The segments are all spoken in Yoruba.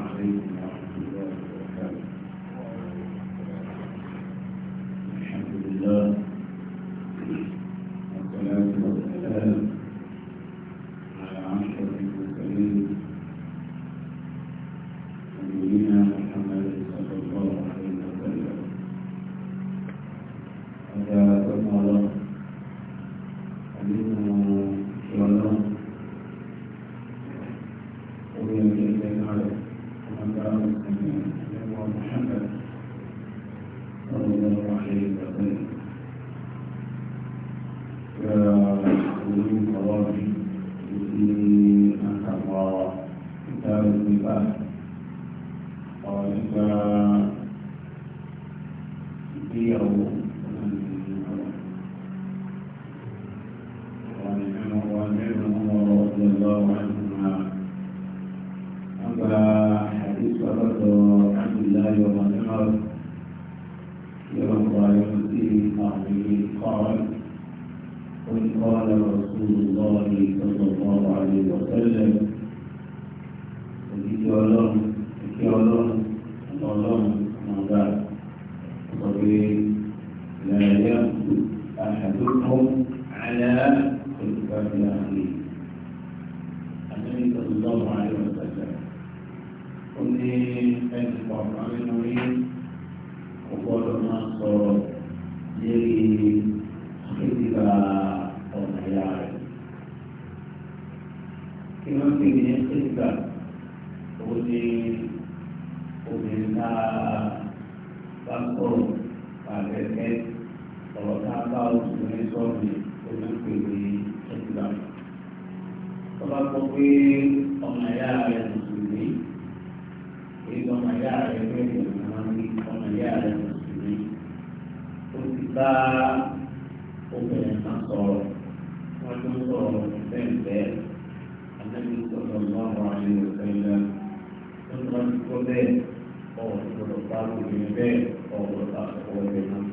عليكم ورحمة الله الله عنهما الله وابن عمر قال قل قال رسول الله صلى الله عليه وسلم tí ẹnì kọ̀ọ̀kan nínú yín kò sọ̀rọ̀. ẹgbẹ́ ìgbìmọ̀ máa ń rí ọmọ ìyá rẹ̀ mùsùlùmí ó ti bá obìnrin kan sọ̀rọ̀ wọ́n tún sọ̀rọ̀ fẹ́ǹfẹ́ anábì sọ̀rọ̀ lọ́wọ́ àwọn ìwòsàn wọ́n tún wọ́n ti kọ́ bẹ́ẹ̀ ọ̀rọ̀ gbọ́dọ̀ bá obìnrin bẹ́ẹ̀ ọ̀rọ̀ bá ọ̀rọ̀ bẹ́ẹ̀ náà.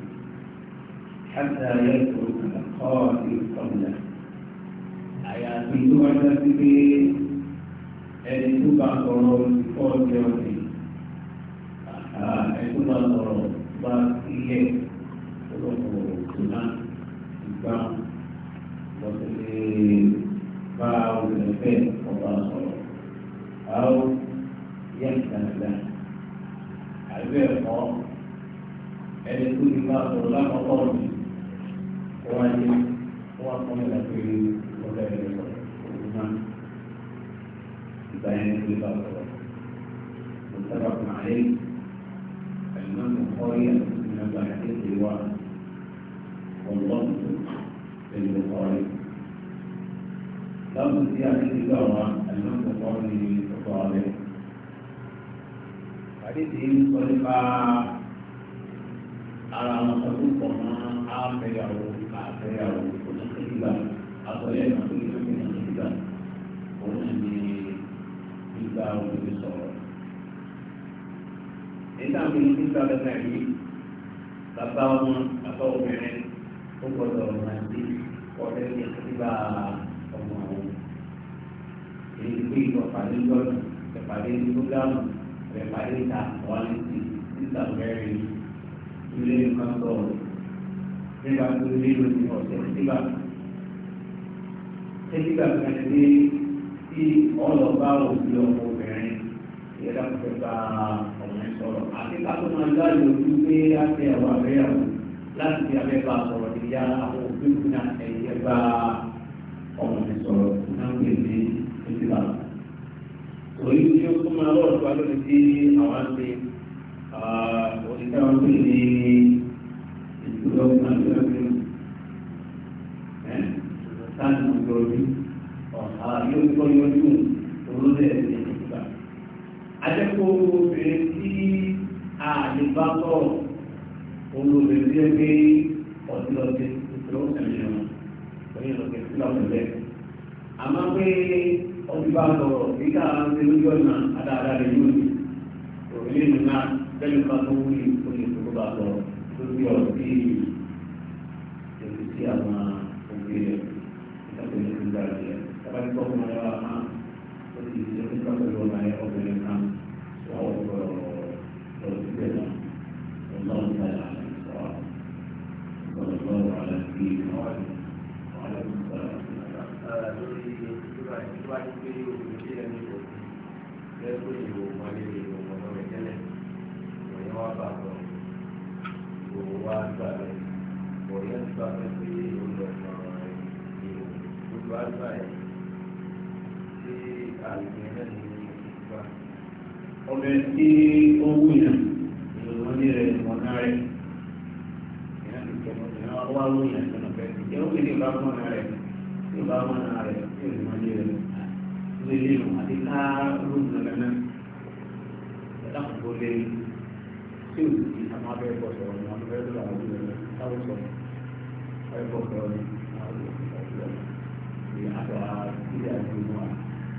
حتى يترك ẹni tó bá sọ̀rọ̀ ìfọ́jọ́ ni ìtumọ̀ ọ̀rọ̀ gba ilẹ̀. الوعد والضبط في البخاري لفظ في حديث الجمعة الإمام البخاري في الصحابة حديثه صدق ara wọn sọdún pọ̀ mọ́ àfẹ́yàwó àfẹ́yàwó oníkèéjìlá àtọ̀yẹ́ ìnáwó oníkèéjìlá òun ni gbígbà òbí sọ̀rọ̀. nígbà tí gbígbà lẹ́sẹ̀ yìí bàbá ọmọ bàbá obìnrin ó gbọdọ̀ máa di ọ̀rẹ́ ní ìgbà ọmọ àwọn èyí pé ìpàdé lọ́nà ìpàdé lọ́gàmù ìpàdé ìta wọlé sí títà mẹ́rin ilé nǹkan sọ̀rọ̀ nígbà tó lé lórí ọ̀sẹ̀ nígbà nígbà kan ní tí ọlọ́ba òbí ọmọ obìnrin yẹ́dá kò fẹ́ bá a ọkùnrin sọ̀rọ̀ àti kátó máa gbá ìlòjú pé á ti ẹ̀rọ àbẹ́yàwó láti fi abẹ́bà sọ̀rọ̀ ti yá àwọn òbí ìpínlẹ̀ ẹ̀yẹ bá ọkùnrin sọ̀rọ̀ náà ń gbèsè títí bá. òyì tí ó tún máa lọ́ọ̀tún alóòtú tí àwọn á ti ah, òṣìṣẹ́ pè ní sílẹ̀ àmọ́ pé ọtí bá sọ̀rọ̀ nígbà tí lójú ọ̀nà àdáadáa lè yóò ní òrìlé mi náà bẹ́ẹ̀ bá tó wúlò ó lè tó bá sọ lórí ọtí èyí sí àwọn òbí rẹ̀ ìtàkùn ìlú ìgbà rẹ̀ tábàtí kọ́ fún ọ̀rẹ́ wa máa ó sì ṣe fún ìtàkùn ìlú ọ̀nà ọ̀bẹ̀rẹ̀ kan. bá ti pé oṣù tí ẹni kò sí lẹ́gbẹ́ ìwò mọ́lẹ́ ìwò mọ́lẹ́ rẹ̀ tẹ́lẹ̀ òyìn wá bà lọ ìwò wá gbà rẹ̀ òyìn ti bá fẹ́ pé ìwò lọ sọ̀rọ̀ rẹ̀ ìwò gbogbo àgbà rẹ̀ tí àlùfẹ́ náà ní ìgbà. ọmọ ẹ tí ó wù yàn ìròyìn rẹ̀ ìmọ̀nà rẹ̀ ìrànwọ́ wù yàn ìrànwọ́ bẹ́ẹ̀ ni ìjẹ́ òkèlè bá mọ̀nà rẹ̀ ìbá mọ̀nà rẹ̀ yóò rẹ̀ ní ilé ìlú àti ká lóògùn lẹ́nu ẹ̀dá kòkó lé tí ò sì àwọn abẹ́rẹ́ bọ̀ sọ̀rọ̀ ní àwọn abẹ́rẹ́ bọ̀ àwọn ọdún lẹ́nu táwọn sọ̀rọ̀ abẹ́rẹ́ bọ̀ sọ̀rọ̀ ní àwọn ọdún lẹ́nu ní àtọ̀ ilé àti ìlú wa.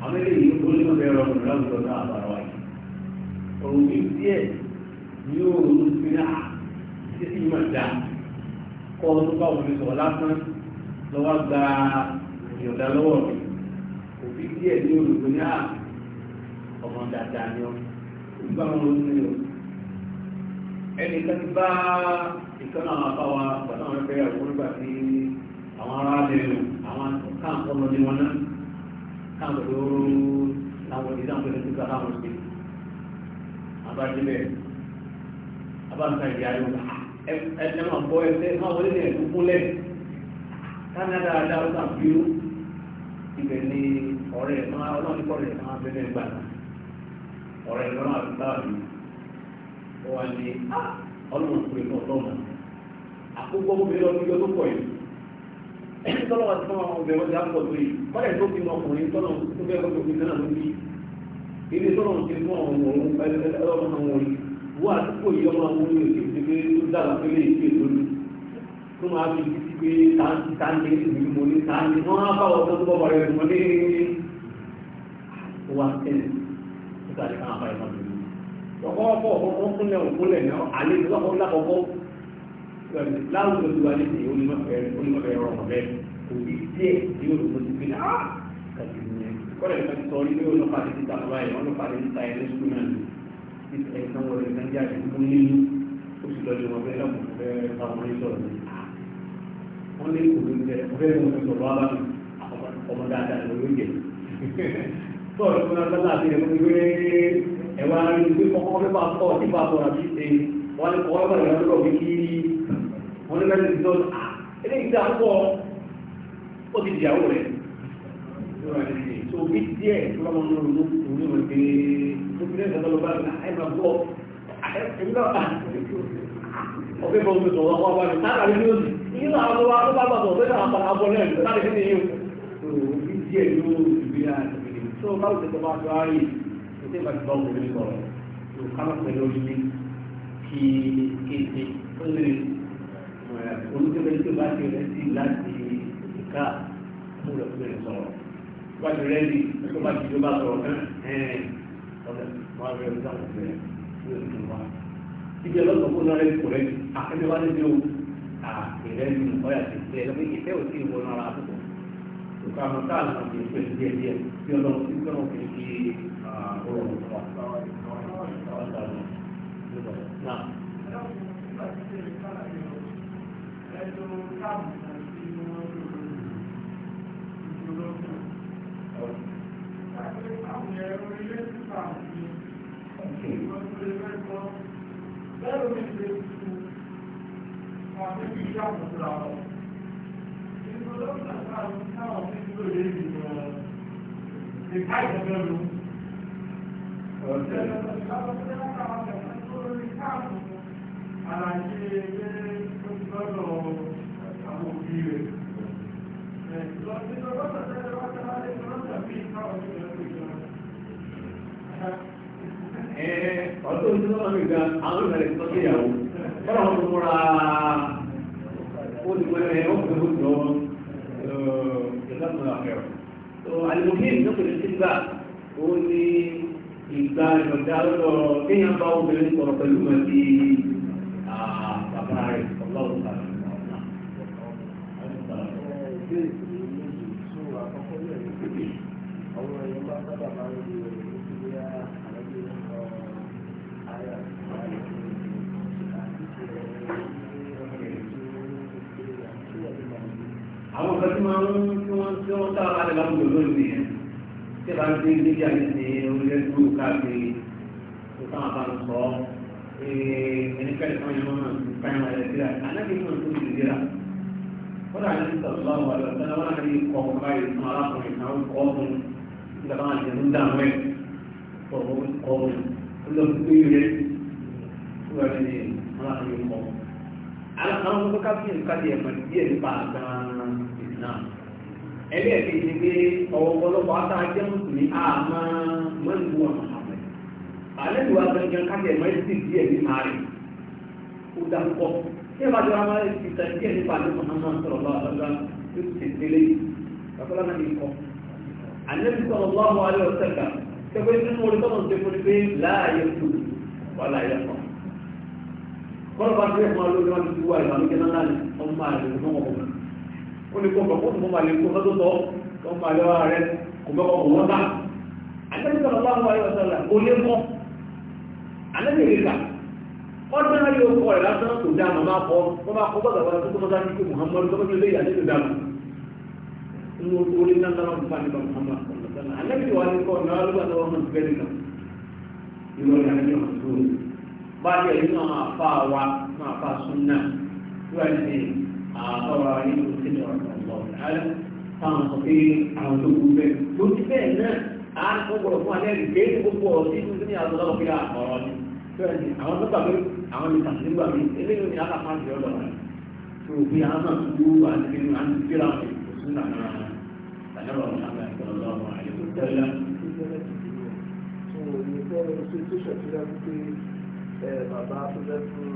àwọn eléyìí ó ní ọbẹ̀ rọrùn láwùjọ náà àbára wa òun ní díẹ̀ ní òun ti rà títí mà dá kọ́ ọdún báwo ni òbí díẹ̀ ní olùkọ́ ní àá ọmọ dáadáa ni ọ nígbà wọn ló ní o ẹnì kan ti bá ìkànnì àwọn afáwa pàtó àwọn ẹgbẹ́ àwọn olùgbà tí àwọn ará lẹ́nu àwọn káàkó lọ ní wọn náà káàkó ló láwọn ìdí àwọn ìdí kan láwọn ìdí abájúbẹ abáǹkà ìyá yóò ẹ ẹ ẹ máa bọ ẹsẹ máa wọlé ní ẹdúnkúnlẹ kánádà dáhùn tàbí ó ibẹ̀ ni ọ̀rẹ́ ẹ̀ máa ọlọ́run kọ́ rẹ̀ máa bẹ́ẹ̀ gbà ọ̀rẹ́ ẹ̀ lọ́nà àdúgbò àbí ó wà ní ah, ọlọ́run kúrè náà lọ́nà àkókò mi lọ sí ọdún kọ̀ yìí ẹni tọ́lọ́ wa ti fún ọmọ ọbẹ̀ ọjà pọ̀ tó yìí kọ́lẹ̀ tó fi mọ ọkùnrin tọ́lọ́ tó fẹ́ kọ́ tó fi náà ló bí ilé tọ́lọ́ ti fún ọmọ ọmọ òun wọ́n àdúgbò yìí ọmọ àwọn olóyè ti fi pé ó dára pé lè ṣe lónìí tó máa fi ti pé táǹtì táǹtì ìlú mọ́ ní táǹtì wọ́n á bá ọ̀dọ́ tó bọ́ bọ̀ rẹ̀ mọ́ ní wá kẹ́lẹ̀ nígbà tí káwọn afáyé máa bẹ̀rẹ̀ lọ́kọ́kọ́ ọ̀kọ́ kúnlẹ̀ òkúnlẹ̀ náà alẹ́ lọ́kọ́ lákọ́kọ́ láwùjọ tó wà ní ìyẹn onímọ̀fẹ́ ọ̀rọ̀ mọ̀fẹ́ kò ní díẹ̀ ní olùkọ́ ti fi náà kàdé ní kọ́lẹ̀ nípa ti sọ orí pé olùkọ́ àti títà bàbá yẹn olùkọ́ àti títà yẹn lóṣù náà ní títà yẹn sanwó rẹ̀ nàìjíríà ti mú nínú oṣù lọ́dún wọn fẹ́ lọ́kùn fẹ́ báwọn ní sọ̀rọ̀ ní. Ah! wọ́n ní kò ní jẹ́ ọ̀fẹ́ sọ̀rọ̀ ìfúnná sọ́lá àti ìrẹ̀mú ti wé ẹ̀wà rí pé kọ́kọ́ pépà pọ̀ nípa sọ̀rọ̀ àti ṣe wọ́n ní kọ́kọ́ pẹ̀lú ẹ̀rọ lọ́wọ́ kí wọ́n ní mẹ́rin tó à eléyìí tí a pọ̀ ó ti dìyàwó rẹ̀ tó bí díẹ̀ lọ́mọ lórí lórí rẹ̀ pé tó fi lẹ́sẹ̀ tọ́lọ́ bá ẹ̀ máa bọ̀ ọ̀fẹ́ bọ̀ ọ̀fẹ́ sọ̀rọ̀ ọ̀pọ̀ àbáyé sára rí lóòsì nínú àwọn ọlọ́wọ́ akọ́bàbà sọ̀rọ̀ fẹ́ náà àbọ̀ lẹ́yìn láti fi ní yóò tó bí díẹ̀ lóòsì bí i tó o bá lè tètè máa tó ayé kò tí ì máa ti bá obìnrin sọ̀rọ̀ tó o kánà pẹ̀lú orílẹ̀ kí kéde ó lè eh, olùkébẹ̀rẹ̀ tó bá ti rẹ̀ sí láti ìka mú rẹ̀ fún ẹ̀ sọ̀rọ̀ tó bá ti rẹ̀ sí tó bá ti tó bá sọ̀rọ̀ náà ẹ̀ẹ́n ọ̀dẹ̀ máa rẹ̀ ń dáhùn fún ẹ̀ fún ẹ̀ tó wá. ibi ọlọ́sọ̀ fún náà rẹ̀ kò rẹ̀ àkẹ́bí wá níbi o àkẹ́rẹ́ nù ọ̀yà ti tẹ̀ ẹ̀ lọ́pẹ́ ìfẹ́ òsì ìwọ̀n ara àkókò ìpamọ́ táàlù kan kì í pè díẹ̀ díẹ̀ bí ọlọ́run tí ọlọ́run kì í fi Àlàyé ẹgbẹ́ tó ti àwọn òbí rẹ̀. Ẹ̀sùn ọdún tó lọ́dọ̀ tẹ́lẹ̀ wá tẹ́lá lé lọ́dọ̀ bí káwọn ti lọ́dọ̀ ìjọba. Ẹ̀ẹ́ ọdún tó lọ́dọ̀ ìgbà àwọn ìrẹ̀lẹ̀ tó tẹ́yàwó. Bọ́lá wọn tó múra ó ti pẹ́ ẹ̀ ó ti ọ̀fẹ́rọ̀ tó alimohim lókèlè sígbà ó ní ìgbà ìrọ̀dá lọ́dọ̀ kéèyàn bá obìnrin sọ̀rọ̀ pẹ̀lú mọ̀ sí bàbá rẹ̀ ọlọ́run sàrẹ̀ Àwọn èèyàn bá sábà máa ń lo ìwé àwọn ilé ẹ̀kọ́ ayà àti àwọn ìṣẹ̀lẹ̀ àwọn kan tí máa ń tí wọ́n táwọn alẹ́ bá ń lò lónìí yẹn tí a bá ń gbé níjà ní ti orílẹ̀ tó káàkiri tó táwọn bá ń sọ ẹnikẹ́ni kan yẹn máa ń káyọ̀ wọn lẹ́sí rà anábì náà tó ti dira wọ́n rà ní sọ̀rọ̀ báwo wà lọ́sẹ̀ náà wọ́n rà ní kọ́ ọ̀hún báyìí fún arákùnrin kan kọ́ ọ̀hún nígbà táwọn àjẹ́ ń dààmú ẹ̀ kọ́ ọ̀hún lọ́sẹ̀ tó yẹ kó rà ní arákùnrin kọ́ ọ̀hún. àwọn ọmọ tó ká ẹlẹ́ẹ̀kejì ni pé ọ̀wọ́ ọ̀pọ̀lọpọ̀ ata jẹ́ mùsùlùmí àmọ́ mọ́nìkú wọn àmọ́ àlejò wa gangan kájẹ̀ mẹ́sì díẹ̀ ní màárì ó dá púpọ̀ tí ẹ bá jọ àwọn ìtàn díẹ̀ nípa àti mọ̀nàmọ́ sọ̀rọ̀ lọ́wọ́ àgbàgbà tó ti tẹ̀lé kàkọ́lá náà ní kọ́ àlejò sọ̀rọ̀ lọ́wọ́ alẹ́ ọ̀sẹ̀ kan kẹfẹ́ nínú orí tọ́nà ṣe fún pé láàyè tó wà láyé kan ó ní kó bọ̀ kó mọ̀ lè kó lọ́dún tọ́ tó máa lọ́wọ́ rẹ kò mẹ́kọ̀ mọ̀ wọ́n bá àtẹ́sọ̀rọ̀ bá wà yóò sọ̀rọ̀ kò lé mọ́ àlẹ́bẹ̀rẹ̀ kà ọdún náà yóò kọ́ rẹ̀ lásán kò dáa màmá kọ́ tó bá kọ́ bọ́gà wọn tó bá kíkó Muhammadu tó bá tó lé yà nínú dáa nínú orí náà náà wọn bá nípa Muhammadu àlẹ́bẹ̀rẹ̀ wà ní kọ́ náà ló bá lọ́wọ́ hàn bẹ́ẹ̀ nìkan ìrọ̀lẹ́ àlẹ́bẹ̀rẹ̀ wọn àtọ́rọ ayé tó ti lọ ọ̀pọ̀ ọ̀rẹ́ táwọn sọ pé àwọn tó kú bẹ́ẹ̀ tó ti bẹ́ẹ̀ náà á kó gbọ́dọ̀ fún alẹ́ rí kéé gbogbo ọ̀rọ̀ sí ìlú ní àwọn ọlọ́pàá pé àkọ́rọ́ ni fẹ́ẹ̀ni àwọn tó gbàgbé àwọn lè tàbí nígbà mí eléyìí ni alápá ti ọ̀dọ̀ rẹ̀ tó fi àwọn náà tó wú àti nínú àti fíra òsùn nàná àdàbọ̀ ọ̀hánà ìtọ́lọ́ ọ̀hún àyè tó tẹ́lẹ̀ bàbá tó lẹ́fún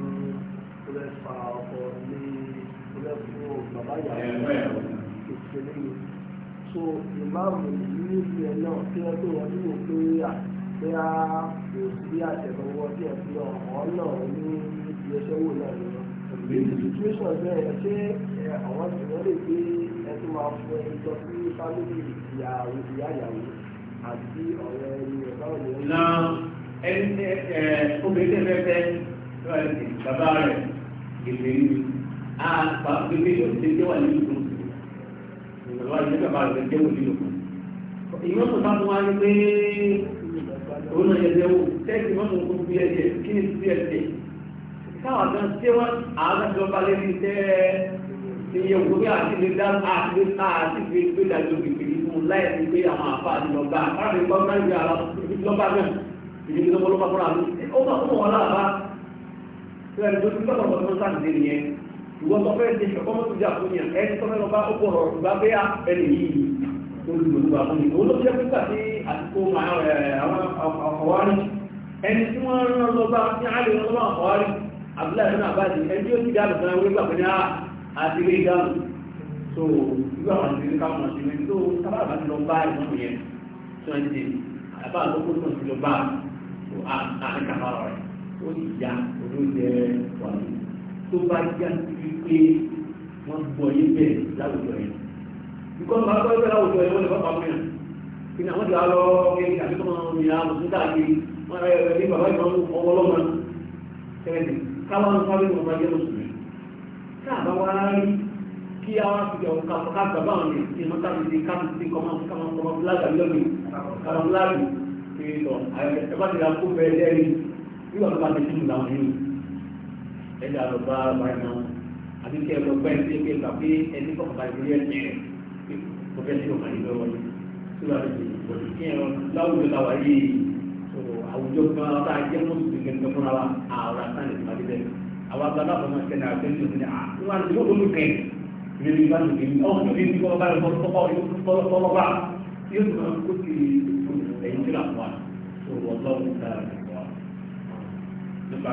tó lẹ́fà ọkọ̀ ní ìṣẹ̀lẹ̀ yìí so ìmáàmù níbi ẹ̀ náà kí wọ́n tó wọ́n tó wò pé pé a kò sí àtẹ̀lọ́wọ́ tí ẹ̀ fi ọ̀hún náà ní ìyẹsẹ̀ wò náà ni wọ́n. Bíbí situation bẹ́ẹ̀ ṣé àwọn ènìyàn lè gbé ẹtú máa fún ẹni jọ sí fámìlì ìyàwó ìyá ìyàwó àti ọ̀rẹ́ ẹni rẹ̀ báwo ni. Na ẹni ẹ obìnrin tẹ́fẹ́fẹ́ bàbá rẹ̀ gbèsè ní àpá pépé yóò ṣe jẹ́wà nínú tó ìrọ̀lá ìjọba bàbá rẹ̀ jẹ́wò nínú kan ìwọ́n tó bá tún wá ní pé òun náà yẹ jẹ́wò tẹ́sí wọn kò fi ẹ̀jẹ̀ kí ni fi ẹ̀jẹ̀ káwọn kan ṣé wọn àádọ́jọba lẹ́ni tẹ́ ìyẹn òkú bí àti lè dá àti lè ta àti fi gbé dájú gbègbè nínú láì fi gbé àwọn àfa àti lọ́gbà àti lọ́gbà ìgbà lọ́gbà náà ìdíbi lọ́gbà lọ́gbà fúnra mi ó bá fún wọn láàbá tó ẹni tó ti lọ́gbà lọ́gbà tó sáà wọ́n tó fẹ́ ṣe ṣọ̀kọ́mọ́ tó jà fún yàn ẹni tó fẹ́ lọ bá ó pọ̀ rọrùn bá bẹ́ẹ̀ ah, ẹni yìí olùdókòwò fún yìí olóòtú jẹ́ pípa sí àsìkò àwárí eh, ẹni tí wọ́n rán lọ bá ní àlè lọ bá àwárí abúláyé náà bá di ẹni tí ó ti dáàbò fún ẹwé gbàgbé ní àti ilé ìdáhùn tó ìgbà wọn ti rí káwọn àti ilé tó sábà bá ti lọ bá ìmọ̀ yẹn tó ẹni tí tó bá já sí pé wọ́n gbọ́ yé bẹ́ẹ̀ láwùjọ yẹn. Ìkọ́ni máa gbọ́ bẹ́ẹ̀ láwùjọ yẹn wọ́n lè bá pàmì hàn. Ìnà wọ́n ti wá lọ kéèké àti kọ́mọ ìyá mùsùlùmí káàkiri. Wọ́n rẹ̀ rẹ̀ ní bàbá ìmọ̀ ọmọ ọlọ́mọ. Ẹ̀ẹ́dì káwọn ń sáré wọn máa jẹ́ mùsùlùmí. Káàbá wá rí kí á wá fìjà òun káfọ́ káàkà bá àwọn èèyàn ìmọ̀ káàkiri káàkiri kọ́mọ kọ́mọ fúlágà lọ́gbìn. Kàmọ́ fúlágì. Ẹ ẹ̀dá lọ bá wáyà àbí kí ẹ lọ bá ẹni pé gbà pé ẹni kọ̀ bá ìdílé ẹ̀sìn rẹ̀ kò fẹ́ sí ọ̀gá yìí lọ́wọ́ yìí tí wàá lè dìbò kí ẹ láwùjọ làwà yìí àwùjọ kan tá a jẹ́ mọ́tò gẹ́gẹ́ fúnra wa àwọn àtàlẹ̀ tó bá dé bẹ́ẹ̀ àwọn abala kò máa ṣẹlẹ̀ àti ẹni tó ní à ń wá ní olú kẹ́ ní ní bá lòdì ọ̀ ní bí bí wọ́n bá lọ tọ́kọ́ tọ́kọ́ bá yóò tó máa kó ti ẹ̀yìn tó làwọn wa tó wọ́n lọ́wọ́ nípa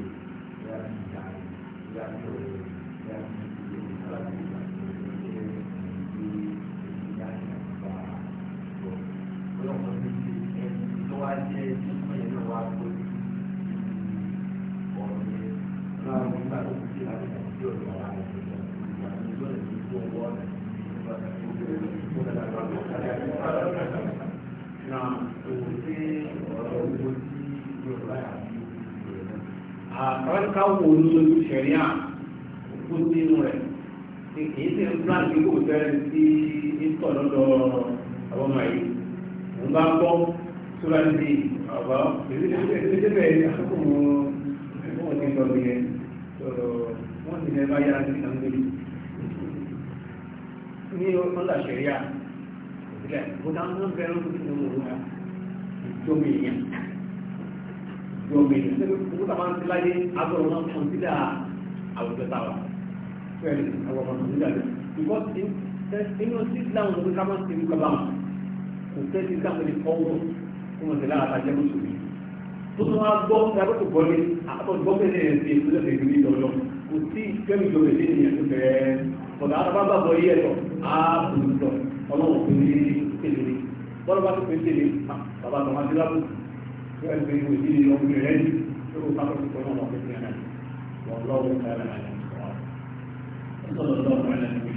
要干，要努力，要勤奋，些，多一些，多一些，àkàrẹ́ká wo ní ojú ṣẹ̀rí à kú sínú rẹ̀ èyí sì ń plan bí kò fẹ́ sí ìtọ̀ lọ́dọ̀ àwọn ọmọ yìí ń bá gbọ́ sóra sí ọ̀bá ìdílébẹ̀ àkókò wọn ti sọ nìyẹn wọ́n ti ní ọ̀là ṣẹ̀rí à bó dáhùn bẹ́ẹ̀ ló ti sọ wọn ìjọba èèyàn yóò gbé ìlú sẹ́gbẹ́ gbogbo tá a máa ń tiláyé agbọ̀rọ̀ máa ń kọ̀ǹsídà àwùjọ tá a wà fẹ́ẹ̀lì àwọn ọmọ kọ̀ǹsídà rẹ̀ because inú sí islam ló ká máa ń tẹ̀lé kaba kò tẹ́ sí islam lè kọ́ wọn kó wọn tẹ̀lé àtàjẹ́ jẹ́ mùsùlùmí tó tún wá gbọ́ yàtọ̀ tó gbọ́ lé àtọ̀ gbọ́ pé lẹ́yìn sí ètò lẹ́sẹ̀ ìlú ìdọ̀lọ́ kò sí kẹ́mi ìjọba èdè ènìyàn tó fẹ́ ọ̀dà àtàbà bá bọ̀ yẹ̀ lọ ààbò ìjọ ọlọ́wọ́ pé ní tèlé bọ́lá bá tó pé tèlé bàbá àtàwọn adúláwò يؤذن المدين يوم العلم شوف فقط الكورونا في الجنة والله تعالى على الصواب صلى الله على نبينا